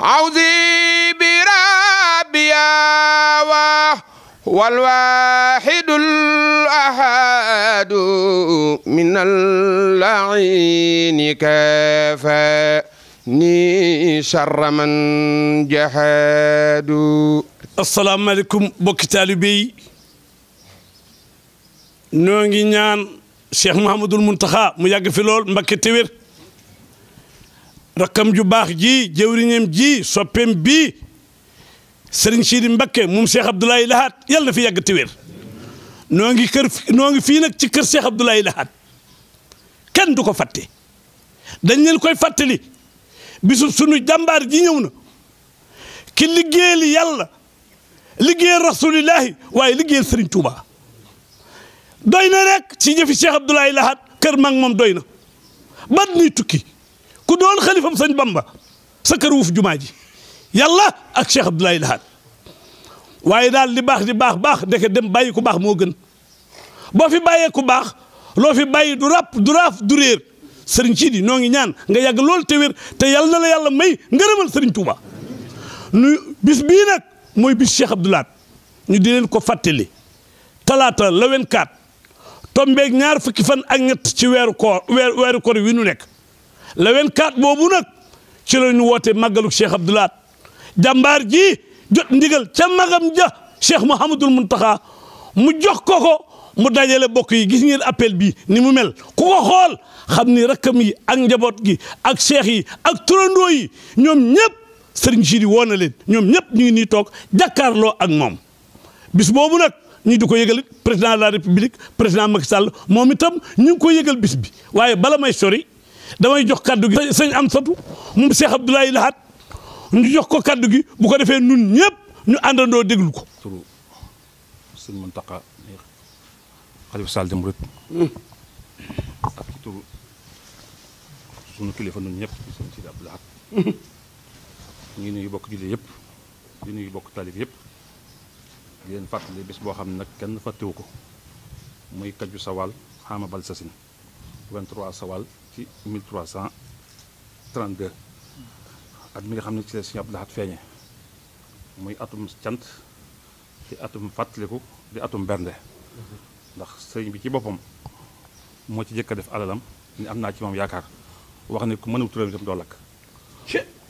عوذي بربيا والواحد الأحد من اللعين كافاني شر من جحد السلام عليكم بك تالبي نونغي نيان شيخ محمد المنتخى مو يغ في لول مبكي rakkam ju baax ji jëwriñam ji soppeem bi sëriñ Sidi Mbakke moom Cheikh Abdoulaye Lahat yàlla fi yàgg te wér noo ngi kër noo ngi fii nag ci kër Cheikh Abdoulaye Lahat kenn du ko fatte dañ leen koy fàttali bisu sunu jàmbaar ji ñëw na ki liggéeyal yàlla liggéeyal rasulillahi waaye liggéeyal sëriñ Touba doy na rek ci jëfi Cheikh Abdoulaye Lahat kër mag moom doy na ban ni tukki ku doon xalifam sëñ Bamba sa kër wuuf jumaa ji yàlla ak Cheikh Abdoulaye Lahad waaye daal li baax di baax baax ndeke dem bàyyi ku baax moo gën boo fi bàyyee ku baax loo fi bàyyi du rapp du raaf du réer sëriñ Sidi noo ngi ñaan nga yàgg lool te wér te yàlla na la yàlla may ngërëmal sëriñ Touba nu bis bii nag mooy bis Cheikh Abdoulaye ñu di leen ko fàttali talaata la wen kaat tombeeg ñaar fukki fan ak ñett ci weeru ko weeru koor wi nu nekk le 24 boobu nag ci la ñu woote màggaluk Cheikh Abdoul Ahad jàmbaar ji jot ndigal ca magam ja Cheikh mun Muntaxa mu jox ko ko mu dajale bokk yi gis ngeen appel bi ni mu mel ku ko xool xam ni rakkam yi ak njaboot gi ak cheikh yi ak turandoo yi ñoom ñëpp sëriñ si di woo na ñoom ñëpp ñu ngi nii toog jàkkaarloo ak moom bis boobu nag ñu di ko yëgal président de la république président Macky Sall moom itam ñu ko yëgal bis bi waaye bala may sori damay jox kaddu gi sëñ Amsatu moom Cheikh Abdoulaye Lahat ñu jox ko kaddu gi bu ko defee nun ñëpp ñu àndandoo déglu ko. turu sëñ Mountakha xalifa Sall di Murid ak ci turu nun ñëpp ñu nuyu bokk jullit yëpp di nuyu bokk taalib yëpp di leen fàttali bés boo xam ne nag kenn fàttewu ko muy kaju sawaal xaama bal sasin 23 sawaal ci 1332 at mi nga xam ne ci la Sëriñ Abdou feeñe muy atum cant di atum fàttaliku di atum bernde ndax sëriñ bi ci boppam moo ci jëkk def alalam ni am naa ci moom yaakaar wax ne ku mënu turam itam doo lakk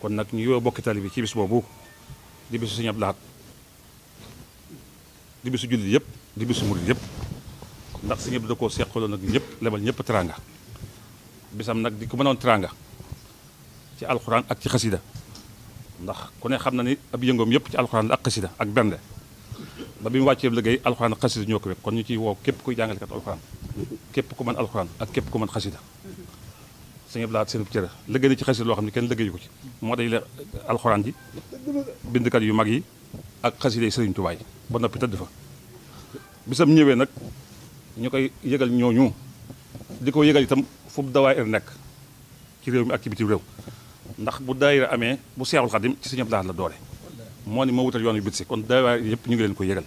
kon nag ñu yoo bokki tali bi ci bis boobu di bisu Sëriñ Abdou Lahad di bisu jullit yëpp di bisu murid yëpp ndax Sëriñ bi da koo seqaloon nag ñëpp lebal ñëpp teraanga bisam nag di ku mënoon teraanga ci alxuraan ak ci xasida ndax ku ne xam na ni ab yëngoom yëpp ci alxuraan la ak xasida ak benn ba bi mu wàccee liggéey alxuraan ak xasida ñoo ko wekk kon ñu ciy woo képp kuy jàngalekat alxuraan képp ku mën alxuraan ak képp ko mën xasida sëñ Abdou Lahad seen cër liggéey na ci xasida loo xam ne kenn liggéeyu ko ci moo dajale alxuraan ji bindkat yu mag yi ak xasida yi sëriñ ba noppi tëdd fa bisam ñëwee nag ñu koy yëgal ñooñu di ko yëgal itam fu dawaayir nekk ci réew mi ak ci bitim réew ndax bu daayira amee bu seexul xadim ci sëñ Abdou Lahad la doore moo ni moo wutal yoon yu bitsi kon dawaayir yëpp ñu ngi leen ko yëgal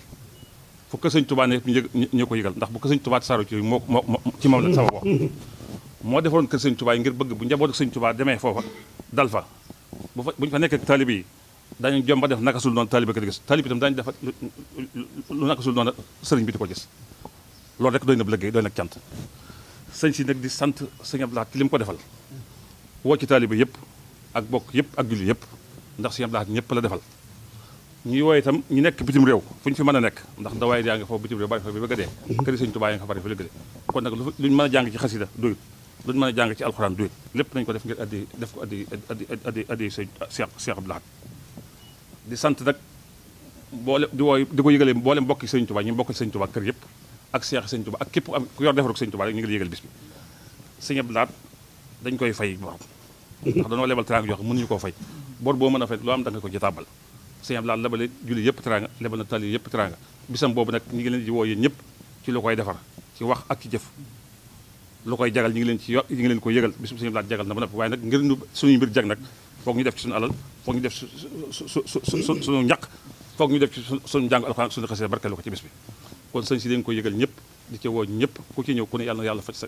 fu kër sëñ Tuubaa ne ko yëgal ndax bu kër sëñ Tuubaa tasaaroo ci moo moo ci moom la sama moo defaroon kër sëñ ngir bëgg bu njaboot ak sëñ Tuubaa demee foofa dal fa bu fa bu fa nekk ak taalib yi daañu jom ba def naka sul noonu taalib ak di gis taalib itam daañu defa lu naka sul noonu sëriñ bi di ko gis loolu rek doy na bu liggéey doy cant sëñ si nag di sant sëñ Abdou Lahad ci li mu ko defal woo ci taaliba yëpp ak bokk yëpp ak julli yëpp ndax sëñ Abdou Lahad ñëpp la defal ñuy wooye itam ñu nekk bitim réew fu ñu fi mën a nekk ndax ndawaay yaa nga foofu bitim réew bari fa bi bëgg a dee kër sëñ Tuubaa yaa nga fa bari fa léegi kon a jàng ci jàng ci alxuraan doyut lépp nañu ko def ngir addi def ko addi addi addi addi sëñ Cheikh Abdou di sant nag boole di wooy di ko yëgalee mboolem mbokki sëñ Tuubaa ñu mbokki sëñ Tuubaa kër yëpp ak seex sëñ Tuubaa ak képp ku yor defarug sëñ Tuubaa rek ñu ngi la yëgal bis bi sëñ Abdu Lahat dañ koy fay borom ndax dañoo lebal teraanga yoo xam koo fay boo mën a fay loo am da nga ko ci tàbbal sëñ Abdu Lahat lebale julli yëpp teraanga lebal na tali yëpp teraanga bisam boobu nag ñu ngi leen di woo yéen ñëpp ci lu koy defar ci wax ak ci jëf lu koy jagal ñu ngi leen ci yo ñu ngi leen ko yëgal bis bu sëñ Abdu Lahat jagal na ba noppi waaye nag ngir ñu suñuy mbir jag nag foog ñu def ci suñu alal foog ñu def su su su suñu ñàkk foog ñu def ci suñu jàng alxuraan suñu xasee barkeelu ko ci bis kon sëñ si dañ koy yëgal ñëpp di ci woo ñëpp ku ci ñëw ku ne yàlla na yàlla faj sa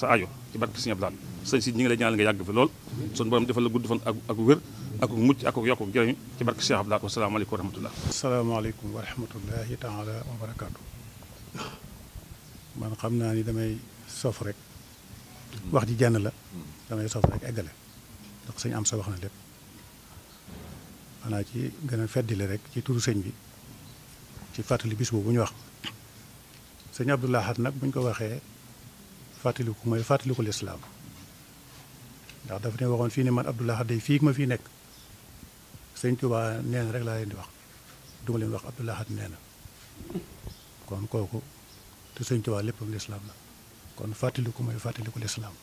sa aajo ci barke Sëñ Abdou Lahad sëñ si ñi ngi lay ñaanal nga yàgg fi lool sun borom defal la gudd fan ak ak wér ak mucc ak yokku jërëñ ci barke Sëñ Abdou Lahad wasalaamaaleykum wa rahmatullah asalaamaaleykum wa rahmatullahi taala wa barakaatu man xam naa ni damay sof rek wax ji jenn la damay sof rek eggale ndax sëñ am sa wax na lépp xanaa ci gën a feddile rek ci turu sëñ bi ci fàttali bis boobu ñu wax sëñ Abdou nag bu ñu ko waxee fàttaliku mooy fàttaliku lislaam ndax dafa ne waxoon fii ne man Abdou day fii ma fii nekk sëñ Tuubaa nee rek laa leen di wax duma leen wax Abdou Lahad nee na kon kooku te sëñ Tuubaa léppam lislaam la kon fàttaliku mooy fàttaliku lislaam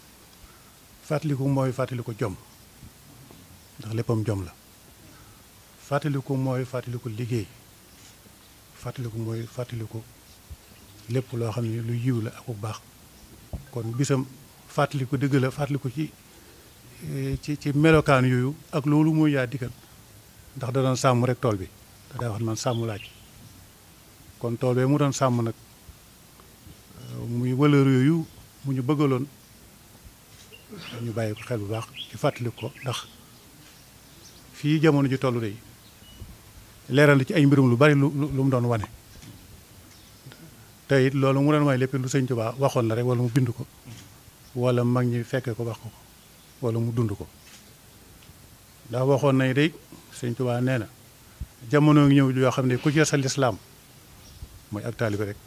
fàttaliku mooy fàttaliku jom ndax léppam jom la fàttaliku mooy fàttaliku liggéey fàttaliku mooy fàttaliku lépp loo xam ne lu yiw la ak bu baax kon bisam fàttaliku ko dëgg la fàttali ko ci eh, ci ci melokaan yooyu ak loolu mooy yaa dikkal ndax da doon sàmm rek tool bi da daa wax man sàmm laaj kon tool bee mu doon sàmm nag eh, muy valeur yooyu mu ñu bëggaloon ñu bàyyi ko xel bu baax ci fàttali ko ndax fii jamono ji toll day leeral ci ay mbirum lu bari lu lu mu doon wane te loolu mu doon way lépp lu sëñ Tuubaa waxoon la rek wala mu bind ko wala mag ñi fekke ko wax ko wala mu dund ko ndax waxoon nañ day sëñ Tuubaa nee na jamono ngi ñëw yoo xam ne ku ci sa lislaam mooy ak taalibe rek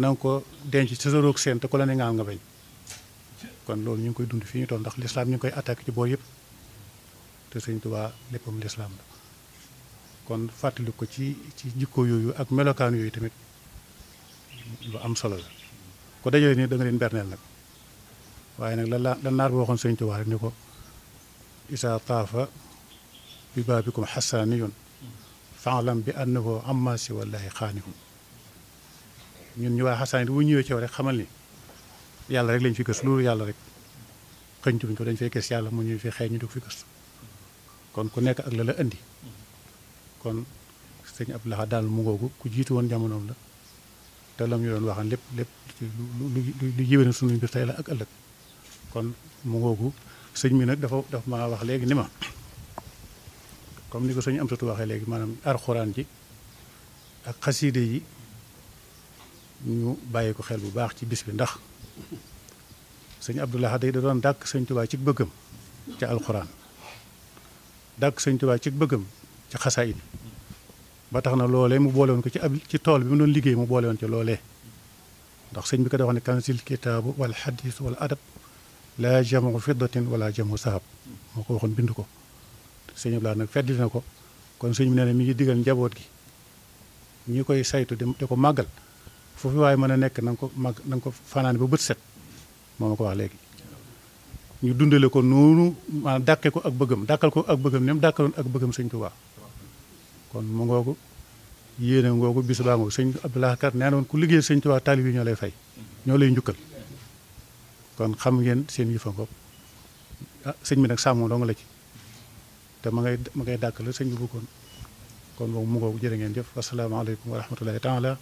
na ko denc ci sa roog seen te ku la ngaam nga bañ kon loolu ñu ngi koy dund fii ñu tool ndax lislaam ñu ngi koy attaqué ci boor yëpp te sëñ Tuubaa léppam lislaam la kon fàttali ko ci ci jikko yooyu ak melokaan yooyu tamit lu am solo la ko dajale nii da nga leen berneel nag waaye nag la la naar bi waxoon sëñ Tuubaa rek ni ko isa taafa bi baabikum xasaaniyun faalam bi annahu amma si wallahi xaanihum ñun ñu waa xasaani bu ñëwee ci yow rek xamal ni yàlla rek lañ fi gës loolu yàlla rek xëñtuñ ko dañ fay gës yàlla mu ñuy fi xëy ñu di ko fi gës kon ku nekk ak la la indi kon sëñ Abdou Lahad daal mu ngoogu ku jiitu woon jamonoom la te lam ñu doon waxaan lépp lépp lu lu jiwéne suñu mbir tey la ak ëllëg kon mu ngoogu sëñ mi nag dafa daf ma wax léegi ni ma comme ni ko sëñ am satu waxee léegi maanaam alxuraan ji ak xasiide yi ñu bàyyi ko xel bu baax ci bis bi ndax sëñ Abdoulaye day da doon dàkk sëñ Tuubaa ci bëggam ci alxuraan dàkk sëñ Tuubaa ci bëggam ci xasaayid ba tax na loolee mu boole woon ko ci ab ci tool bi mu doon liggéey mu boole woon ci loolee ndax sëñ bi ko da wax ne kansil kitaabu wal xadis wala adab la jamu fiddatin wala jamu sahab moo ko waxoon bind ko sëñ laa nag feddli na ko kon sëñ bi nee na mi ngi digal njaboot gi ñu koy saytu di ko màggal foofu waaye mën a nekk na ko màgg na nga ko fanaan ba bët set moo ma ko wax léegi ñu dundale ko noonu maanaam dàqe ko ak bëggam dàqal ko ak bëggam nem dàqaloon ak bëggam sëñ Tuubaa kon mu ngoogu yéene ngoogu bis baa ngoogu sëñ Abdoulaye Kar nee woon ku liggéey sëñ Tuubaa taalib ñoo lay fay ñoo lay njukkal kon xam ngeen seen yëfa ngoog ah, sëñ bi nag sàmm dong la ci te ma ngay ma ngay la sëñ bi bëggoon kon moom mu ngoogu ngeen jëf asalaamaaleykum wa rahmatulahi taala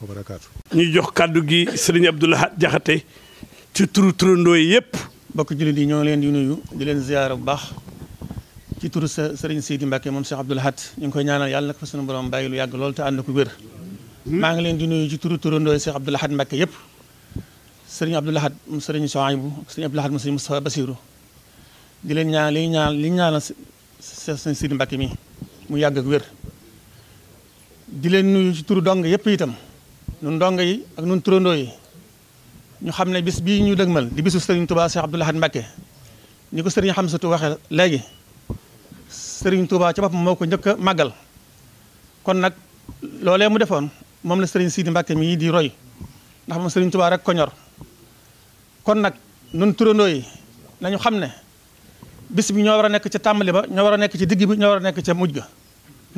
wa ñuy jox kàddu gi sëriñ Abdoulaye Jaxate ci turu turandoo yi yëpp. mbokk jullit yi ñoo leen di nuyu di leen ziyaara bu baax. ci turu sa sëriñ Sidi Mbacke moom Cheikh Abdoul Ahad ñu ngi koy ñaanal yàlla nag fa sunu borom lu yàgg lool te ànd ko wér. Hmm? maa ngi leen di nuyu ci turu turandooy Cheikh Abdoul Ahad Mbacke yëpp sëriñ Abdoul Ahad mu sëriñ Souhaïbou sëriñ Abdoul Ahad mu sëriñ Moustapha Bassirou di leen ñaan li ñaan li ñaanal sëriñ Sidi Mbacke mi mu yàgg ak wér. di leen nuyu ci turu dong yëpp itam nun dong yi ak nun turandoo yi ñu xam ne bis bi ñu dëgmal di bisu sëriñ Touba Cheikh Abdoul Ahad Mbacke ni ko sëriñ Hamsatou waxee léegi. sëriñ Touba ci boppam moo ko njëkk a màggal kon nag loolee mu defoon moom la sëriñ Sidi Mbacke mii di roy ndax moom sëriñ Touba rek ko ñor kon nag nun turandoo yi nañu xam ne bis bi ñoo war a nekk ca tàmbali ba ñoo war a nekk ci digg bi ñoo war a nekk ca mujj ga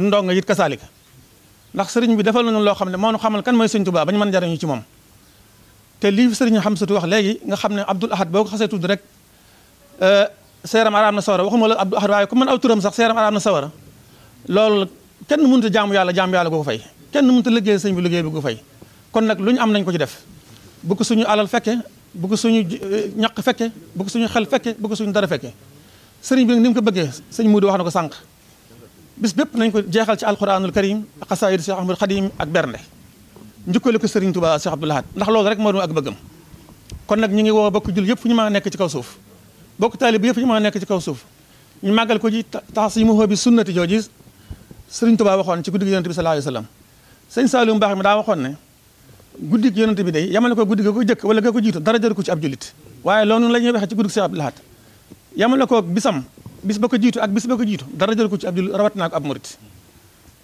nun ndongo yit kasaalika ndax sëriñ bi defal nañu loo xam ne moo nu xamal kan mooy sëriñ Touba ba ñu mën jariñu ci moom te lii sëriñ Xamsatu wax léegi nga xam ne Abdoul Ahad boo ko xasee tudd euh, seeram araam na sawara waxuma la Abdou Ahad waaye ku mën aw turam sax seeram araam na sawara loolu kenn mënut a jaamu yàlla jaamu yàlla goo fay kenn mënut a liggéey sëñ bi liggéey bi ko fay kon nag lu ñu am nañ ko ci def bu ko suñu alal fekke bu ko suñu eh, ñaq fekke bu suñu xel fekke bu ko suñu dara fekke sëriñ bi nag ni mu ko bëggee sëñ Muudu wax na ko sànq bis bépp nañ ko jeexal ci alquranul karim ak xasaayid Cheikh Ahmadou Khadim ak bernde njukkale ko sëriñ Tuubaa Cheikh Abdoul Ahad ndax loolu rek moo doon ak bëggam kon nag ñu ngi woo bokk jul yëpp fu ñu mën nekk ci kaw suuf bokk taalib yëpp ñu mën a nekk ci kaw suuf ñu màggal ko ci taasimuhu bi sunnati jooji sëriñ Tuubaa waxoon ci guddi gi yonent bi sallallahu alayhi wasallam sëñ Saliou Mbaax mi daa waxoon ne guddi gi yonent bi day yamale ko guddi ga ko jëkk wala ga ko jiitu dara jaru ko ci ab jullit waaye loolu la ñuy waxee ci guddi Sëriñ Abdou Lahad yamale ko bisam bis ba ko jiitu ak bis ba ko jiitu dara jaru ko ci ab jullit rawat naa ko ab murit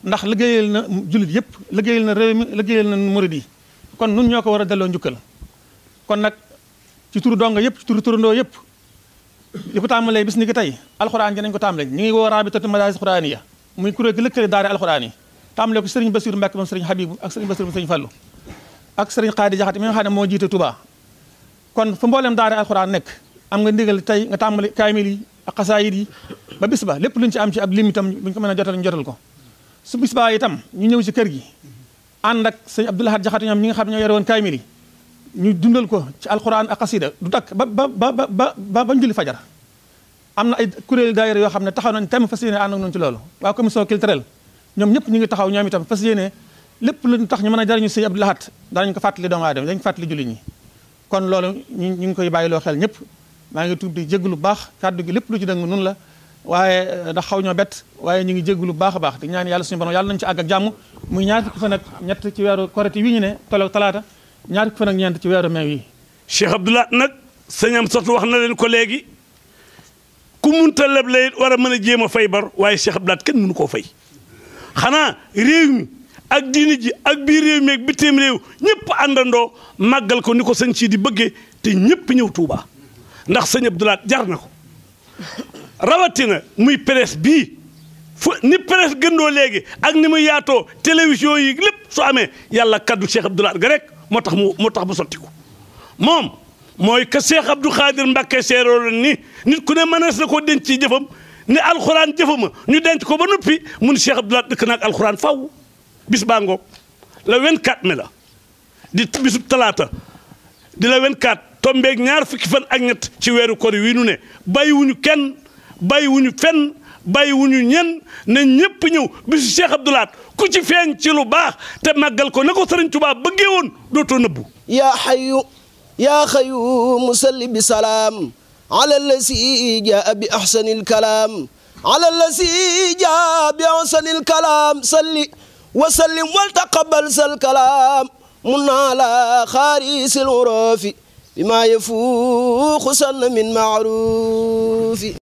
ndax liggéeyal na jullit yëpp liggéeyal na réew mi liggéeyal na murit yi kon nun ñoo ko war a delloo njukkal kon nag ci turu yëpp ci turandoo yëpp li ko tàmbalee bis ni ki tey alxuraan gi ko tàmbalee ñu ngi woo rabitatu madaaris xuraaniya muy kuréel gi lëkkale daara alxuraan yi tàmbalee ko sëriñ Basiru Mbàkke moom sëriñ Habibu ak sëriñ Basiru moom sëriñ Fallu ak sëriñ Xaadi Jaxate mi nga xam ne moo jiite am nga ndigal tey nga tàmbale kaamil yi ak xasaayid yi ba luñ ci am ci ab lim itam buñ ko mën a jotal ñu jotal ko su bis ba tam ñu ñëw si kër gi ànd ak sëñ Abdoulahad Jaxate ñoom ñi nga xam ne ñoo yore woon kaamil yi ñu dundal ko ci alxuraan ak xasida du takk ba ba ba ba ba bañ julli fajar am na ay kuréel daayira yoo xam ne taxaw nañ tam fas yéene ànd ak noonu ci loolu waa commission culturelle ñoom ñëpp ñu ngi taxaw ñoom itam fas yéene lépp luñ tax ñu mën a jariñu sëñ Abdou Lahat danañ ko fàttali doomu aadama dañ ko fàttali julli ñi kon loolu ñu ñu ngi koy bàyyi loo xel ñëpp maa ngi tuub di jégg lu baax kàddu gi lépp lu ci dëng nun la waaye eh, ndax xaw ñoo bett waaye ñu ngi jégg lu baax a baax di ñaan yàlla suñu borom yàlla nañ ci àgg ak jàmm ñett ci weeru korite ñu ne talaata ñaari fan ak ñeent ci weeru mai wi. Cheikh Abdoulaye nag sëñam sotu wax na leen ko léegi ku munta leble war a mën a jéem a fay bar waaye Cheikh Abdoulaye kenn mënu koo fay xanaa réew mi ak diini ji ak biir réew mi ak bitim réew ñëpp àndandoo màggal ko ni ko sëñ sii di bëggee te ñëpp ñëw Touba ndax sëñ Abdoulaye jar na ko rawatina muy presse bii. fu ni presse gëndoo léegi ak ni mu yaatoo télévision yi lépp su amee yàlla kaddu Cheikh Abdoulaye ga rek moo tax mu moo tax mu sotti ko moom mooy que Cheikh Abdou Khadir Mbacke seeroo ni nit ku ne mën na koo denc ci jëfam ne alxuraan jëfama ñu denc ko ba noppi mu ne Cheikh Abdoulaye dëkk naag alxuraan faw bis bàngoo ngoog le 24 mai la di bisub talaata di le 24 tombeeg ñaar fukki fan ak ñett ci weeru kor wi nu ne bàyyiwuñu kenn bàyyiwuñu fenn bàyyiwuñu ñenn ne ñëpp ñëw bisu Cheikh Abdoulaye ku ci feeñ ci lu baax te màggal ko na ko sëriñ Tuubaa bëggee woon dootoo nëbbu yaa xayu yaa xayu musalli bi salaam ala lasi jaa bi ahsani alkalaam ala lasi jaa bi ahsani alkalaam salli wa sallim wal taqabal sal kalaam mun naa la xaarisil uroofi bi maa yafuuxu sann min maaruufi